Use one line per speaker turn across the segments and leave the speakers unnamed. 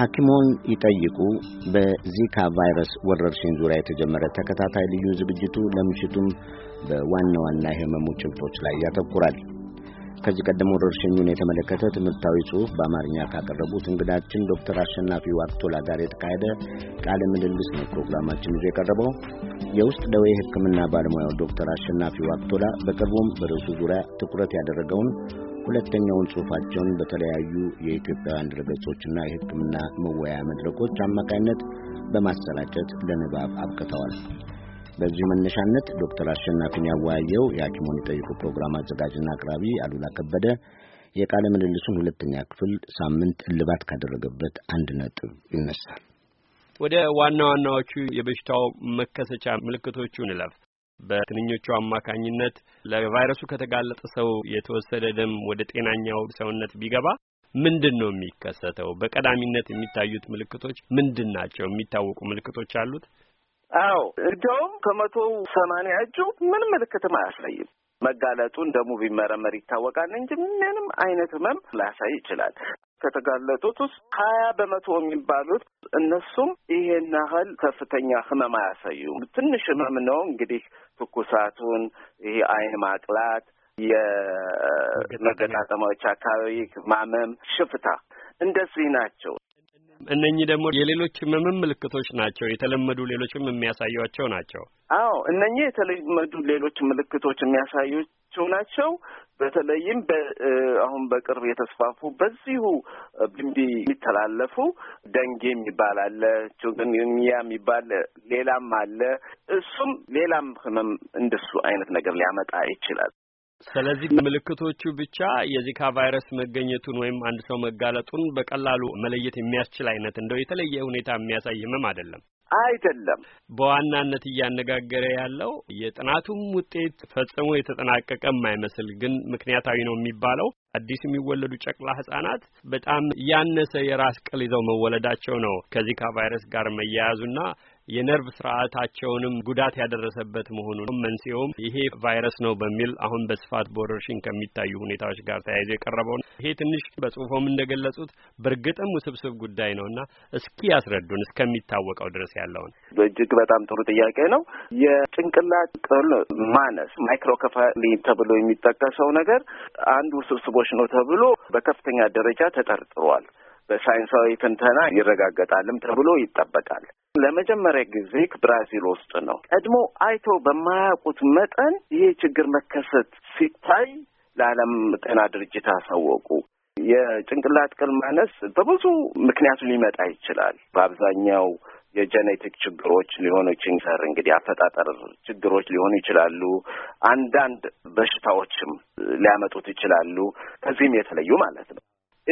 ሐኪሞን ይጠይቁ በዚካ ቫይረስ ወረርሽኝ ዙሪያ የተጀመረ ተከታታይ ልዩ ዝግጅቱ ለምሽቱም በዋና ዋና የህመሙ ጭብጦች ላይ ያተኩራል። ከዚህ ቀደም ወረርሽኙን የተመለከተ ትምህርታዊ ጽሑፍ በአማርኛ ካቀረቡት እንግዳችን ዶክተር አሸናፊ ዋቅቶላ ጋር የተካሄደ ቃለ ምልልስ ነው ፕሮግራማችን ይዞ የቀረበው። የውስጥ ደዌ ሕክምና ባለሙያው ዶክተር አሸናፊ ዋቅቶላ በቅርቡም በርዕሱ ዙሪያ ትኩረት ያደረገውን ሁለተኛውን ጽሑፋቸውን በተለያዩ የኢትዮጵያውያን ድረገጾችና የሕክምና መወያያ መድረኮች አማካይነት በማሰራጨት ለንባብ አብቅተዋል። በዚሁ መነሻነት ዶክተር አሸናፊን ያወያየው የሐኪሙን ይጠይቁ ፕሮግራም አዘጋጅና አቅራቢ አሉላ ከበደ የቃለ ምልልሱን ሁለተኛ ክፍል ሳምንት እልባት ካደረገበት አንድ ነጥብ ይነሳል።
ወደ ዋና ዋናዎቹ የበሽታው መከሰቻ ምልክቶቹ እንለፍ። በትንኞቹ አማካኝነት ለቫይረሱ ከተጋለጠ ሰው የተወሰደ ደም ወደ ጤናኛው ሰውነት ቢገባ ምንድን ነው የሚከሰተው? በቀዳሚነት የሚታዩት ምልክቶች ምንድን ናቸው? የሚታወቁ ምልክቶች አሉት?
አዎ እንዲያውም ከመቶ ሰማንያ እጁ ምንም ምልክትም አያሳይም። መጋለጡን ደሙ ቢመረመር ይታወቃል እንጂ ምንም አይነት ህመም ላያሳይ ይችላል። ከተጋለጡት ውስጥ ሀያ በመቶ የሚባሉት እነሱም ይሄን ያህል ከፍተኛ ህመም አያሳዩም። ትንሽ ህመም ነው እንግዲህ ትኩሳቱን፣ ይሄ አይን ማቅላት፣ የመገጣጠማዎች አካባቢ ማመም፣ ሽፍታ እንደዚህ ናቸው።
እነኚህ ደግሞ የሌሎች ህመምም ምልክቶች ናቸው። የተለመዱ ሌሎችም የሚያሳዩቸው ናቸው።
አዎ እነኚህ የተለመዱ ሌሎች ምልክቶች የሚያሳዩቸው ናቸው። በተለይም አሁን በቅርብ የተስፋፉ በዚሁ ብንቢ የሚተላለፉ ደንጌ የሚባል አለ፣ ቺኩንጉንያ የሚባል ሌላም አለ። እሱም ሌላም ህመም እንደሱ አይነት ነገር ሊያመጣ ይችላል።
ስለዚህ ምልክቶቹ ብቻ የዚካ ቫይረስ መገኘቱን ወይም አንድ ሰው መጋለጡን በቀላሉ መለየት የሚያስችል አይነት እንደው የተለየ ሁኔታ የሚያሳይ ህመም አይደለም አይደለም። በዋናነት እያነጋገረ ያለው የጥናቱም ውጤት ፈጽሞ የተጠናቀቀ የማይመስል ግን ምክንያታዊ ነው የሚባለው አዲስ የሚወለዱ ጨቅላ ህጻናት በጣም ያነሰ የራስ ቅል ይዘው መወለዳቸው ነው ከዚካ ቫይረስ ጋር መያያዙና የነርቭ ስርዓታቸውንም ጉዳት ያደረሰበት መሆኑን መንስኤውም ይሄ ቫይረስ ነው በሚል አሁን በስፋት በወረርሽኝ ከሚታዩ ሁኔታዎች ጋር ተያይዞ የቀረበውን ይሄ ትንሽ በጽሁፎም እንደገለጹት በእርግጥም ውስብስብ ጉዳይ ነው እና እስኪ ያስረዱን እስከሚታወቀው ድረስ ያለውን።
እጅግ በጣም ጥሩ ጥያቄ ነው። የጭንቅላት ቅል ማነስ ማይክሮከፋሊ ተብሎ የሚጠቀሰው ነገር አንድ ውስብስቦች ነው ተብሎ በከፍተኛ ደረጃ ተጠርጥሯል። በሳይንሳዊ ትንተና ይረጋገጣልም ተብሎ ይጠበቃል። ለመጀመሪያ ጊዜ ብራዚል ውስጥ ነው። ቀድሞ አይተው በማያውቁት መጠን ይሄ ችግር መከሰት ሲታይ ለዓለም ጤና ድርጅት አሳወቁ። የጭንቅላት ቅል ማነስ በብዙ ምክንያቱ ሊመጣ ይችላል። በአብዛኛው የጄኔቲክ ችግሮች ሊሆኑ ቺንሰር እንግዲህ አፈጣጠር ችግሮች ሊሆኑ ይችላሉ። አንዳንድ በሽታዎችም ሊያመጡት ይችላሉ። ከዚህም
የተለዩ ማለት ነው።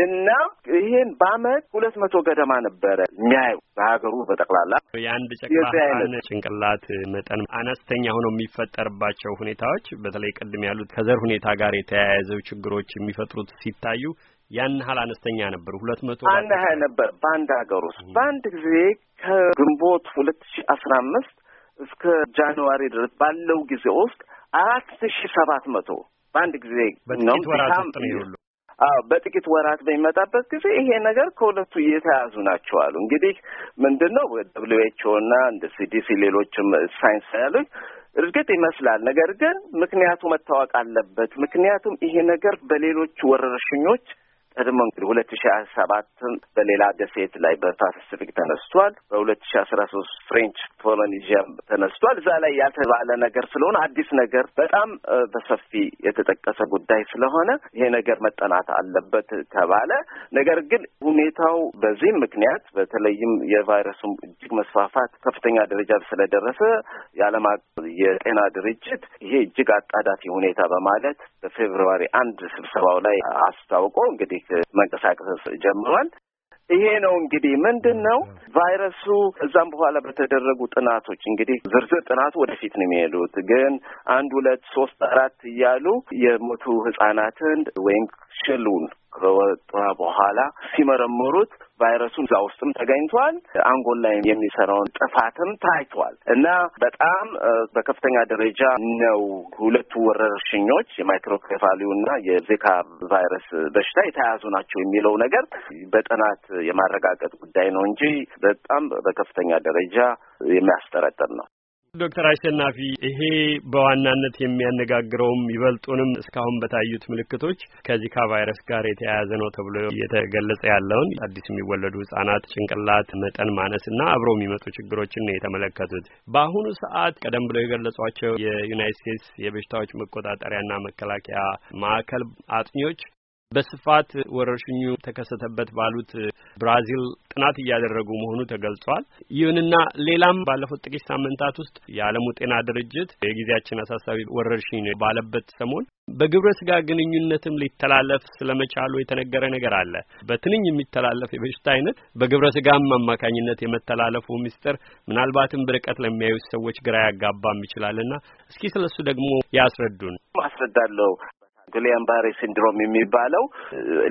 እና ይሄን በአመት ሁለት መቶ ገደማ ነበረ የሚያየው በሀገሩ በጠቅላላ የአንድ
ጨቅላ ጭንቅላት መጠን አነስተኛ ሆኖ የሚፈጠርባቸው ሁኔታዎች በተለይ ቅድም ያሉት ከዘር ሁኔታ ጋር የተያያዘው ችግሮች የሚፈጥሩት ሲታዩ ያን ያህል አነስተኛ ነበር። ሁለት መቶ አንድ ያህል
ነበር በአንድ ሀገር ውስጥ በአንድ ጊዜ ከግንቦት ሁለት ሺ አስራ አምስት እስከ ጃንዋሪ ድረስ ባለው ጊዜ ውስጥ አራት ሺ ሰባት መቶ በአንድ ጊዜ ነው። አዎ በጥቂት ወራት በሚመጣበት ጊዜ ይሄ ነገር ከሁለቱ እየተያዙ ናቸው አሉ። እንግዲህ ምንድን ነው ደብሊው ኤች ኦ እና እንደ ሲዲሲ ሌሎችም ሳይንስ ያሉች እርግጥ ይመስላል። ነገር ግን ምክንያቱ መታወቅ አለበት። ምክንያቱም ይሄ ነገር በሌሎች ወረርሽኞች ቀድሞ እንግዲህ ሁለት ሺ ሀያ ሰባትን በሌላ ደሴት ላይ በፓሲፊክ ተነስቷል። በሁለት ሺ አስራ ሶስት ፍሬንች ፖሊኔዥያ ተነስቷል። እዛ ላይ ያልተባለ ነገር ስለሆነ አዲስ ነገር በጣም በሰፊ የተጠቀሰ ጉዳይ ስለሆነ ይሄ ነገር መጠናት አለበት ተባለ። ነገር ግን ሁኔታው በዚህም ምክንያት በተለይም የቫይረሱ እጅግ መስፋፋት ከፍተኛ ደረጃ ስለደረሰ የዓለም የጤና ድርጅት ይሄ እጅግ አጣዳፊ ሁኔታ በማለት በፌብርዋሪ አንድ ስብሰባው ላይ አስታውቆ እንግዲህ መንቀሳቀስ ጀምሯል። ይሄ ነው እንግዲህ ምንድን ነው ቫይረሱ እዛም በኋላ በተደረጉ ጥናቶች እንግዲህ ዝርዝር ጥናቱ ወደፊት ነው የሚሄዱት፣ ግን አንድ ሁለት ሶስት አራት እያሉ የሞቱ ህጻናትን ወይም ሽሉን ከወጣ በኋላ ሲመረምሩት ቫይረሱ እዛ ውስጥም ተገኝቷል። አንጎል ላይ የሚሰራውን ጥፋትም ታይቷል እና በጣም በከፍተኛ ደረጃ ነው ሁለቱ ወረርሽኞች የማይክሮኬፋሊው እና የዜካ ቫይረስ በሽታ የተያያዙ ናቸው የሚለው ነገር በጥናት የማረጋገጥ ጉዳይ ነው እንጂ በጣም በከፍተኛ ደረጃ የሚያስጠረጥር ነው።
ዶክተር አሸናፊ ይሄ በዋናነት የሚያነጋግረውም ይበልጡንም እስካሁን በታዩት ምልክቶች ከዚካ ቫይረስ ጋር የተያያዘ ነው ተብሎ እየተገለጸ ያለውን አዲስ የሚወለዱ ህጻናት ጭንቅላት መጠን ማነስ እና አብረው የሚመጡ ችግሮችን ነው የተመለከቱት። በአሁኑ ሰዓት ቀደም ብለው የገለጿቸው የዩናይት ስቴትስ የበሽታዎች መቆጣጠሪያና መከላከያ ማዕከል አጥኚዎች በስፋት ወረርሽኙ ተከሰተበት ባሉት ብራዚል ጥናት እያደረጉ መሆኑ ተገልጿል። ይሁንና ሌላም ባለፉት ጥቂት ሳምንታት ውስጥ የዓለሙ ጤና ድርጅት የጊዜያችን አሳሳቢ ወረርሽኝ ባለበት ሰሞን በግብረ ስጋ ግንኙነትም ሊተላለፍ ስለመቻሉ የተነገረ ነገር አለ። በትንኝ የሚተላለፍ የበሽታ አይነት በግብረ ስጋም አማካኝነት የመተላለፉ ምስጢር ምናልባትም በርቀት ለሚያዩት ሰዎች ግራ ያጋባም ይችላልና እስኪ ስለሱ ደግሞ ያስረዱን።
አስረዳለሁ። ጉሊያን ባሬ ሲንድሮም የሚባለው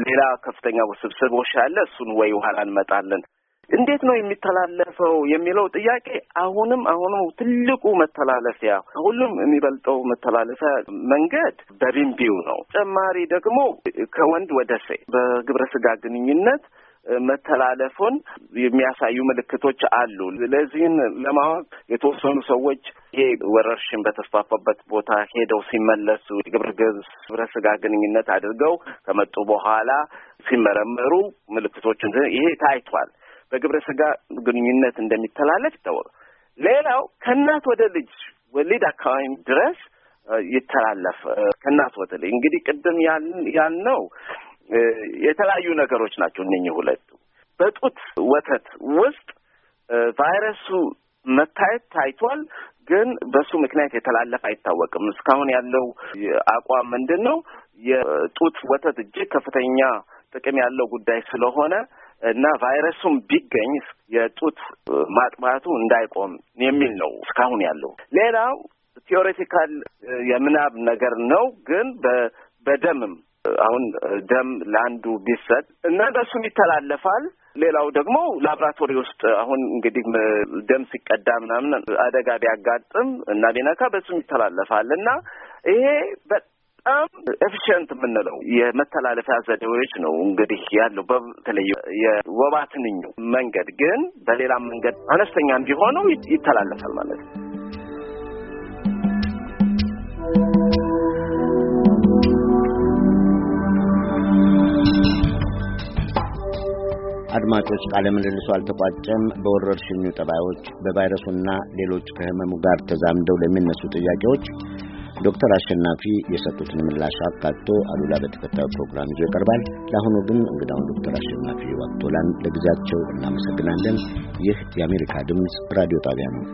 ሌላ ከፍተኛ ውስብስቦች አለ። እሱን ወይ በኋላ እንመጣለን። እንዴት ነው የሚተላለፈው የሚለው ጥያቄ አሁንም አሁንም ትልቁ መተላለፊያ ሁሉም የሚበልጠው መተላለፊያ መንገድ በቢንቢው ነው። ተጨማሪ ደግሞ ከወንድ ወደ ሴት በግብረ ስጋ ግንኙነት መተላለፉን የሚያሳዩ ምልክቶች አሉ። ለዚህን ለማወቅ የተወሰኑ ሰዎች ይሄ ወረርሽኝ በተስፋፋበት ቦታ ሄደው ሲመለሱ የግብረ ገብ ግብረ ስጋ ግንኙነት አድርገው ከመጡ በኋላ ሲመረመሩ ምልክቶችን ይሄ ታይቷል። በግብረ ስጋ ግንኙነት እንደሚተላለፍ ይታወቅ። ሌላው ከእናት ወደ ልጅ ወሊድ አካባቢ ድረስ ይተላለፍ ከእናት ወደ ልጅ እንግዲህ ቅድም ያልነው የተለያዩ ነገሮች ናቸው። እነኚህ ሁለቱ በጡት ወተት ውስጥ ቫይረሱ መታየት ታይቷል፣ ግን በሱ ምክንያት የተላለፈ አይታወቅም። እስካሁን ያለው አቋም ምንድን ነው? የጡት ወተት እጅግ ከፍተኛ ጥቅም ያለው ጉዳይ ስለሆነ እና ቫይረሱም ቢገኝ የጡት ማጥባቱ እንዳይቆም የሚል ነው እስካሁን ያለው። ሌላው ቲዎሬቲካል የምናብ ነገር ነው ግን በደምም አሁን ደም ለአንዱ ቢሰጥ እና በእሱም ይተላለፋል። ሌላው ደግሞ ላብራቶሪ ውስጥ አሁን እንግዲህ ደም ሲቀዳ ምናምን አደጋ ቢያጋጥም እና ቢነካ በእሱም ይተላለፋል እና ይሄ በጣም ኤፊሽንት የምንለው የመተላለፊያ ዘዴዎች ነው እንግዲህ ያለው በተለይ የወባ ትንኙ መንገድ ግን በሌላም መንገድ አነስተኛም ቢሆነው ይተላለፋል ማለት ነው።
አድማጮች ቃለ ምልልሱ አልተቋጨም። በወረርሽኙ ጠባዮች፣ በቫይረሱና ሌሎች ከህመሙ ጋር ተዛምደው ለሚነሱ ጥያቄዎች ዶክተር አሸናፊ የሰጡትን ምላሽ አካቶ አሉላ በተከታዩ ፕሮግራም ይዞ ይቀርባል። ለአሁኑ ግን እንግዳውን ዶክተር አሸናፊ ዋቅቶላን ለጊዜያቸው እናመሰግናለን። ይህ የአሜሪካ ድምፅ ራዲዮ ጣቢያ ነው።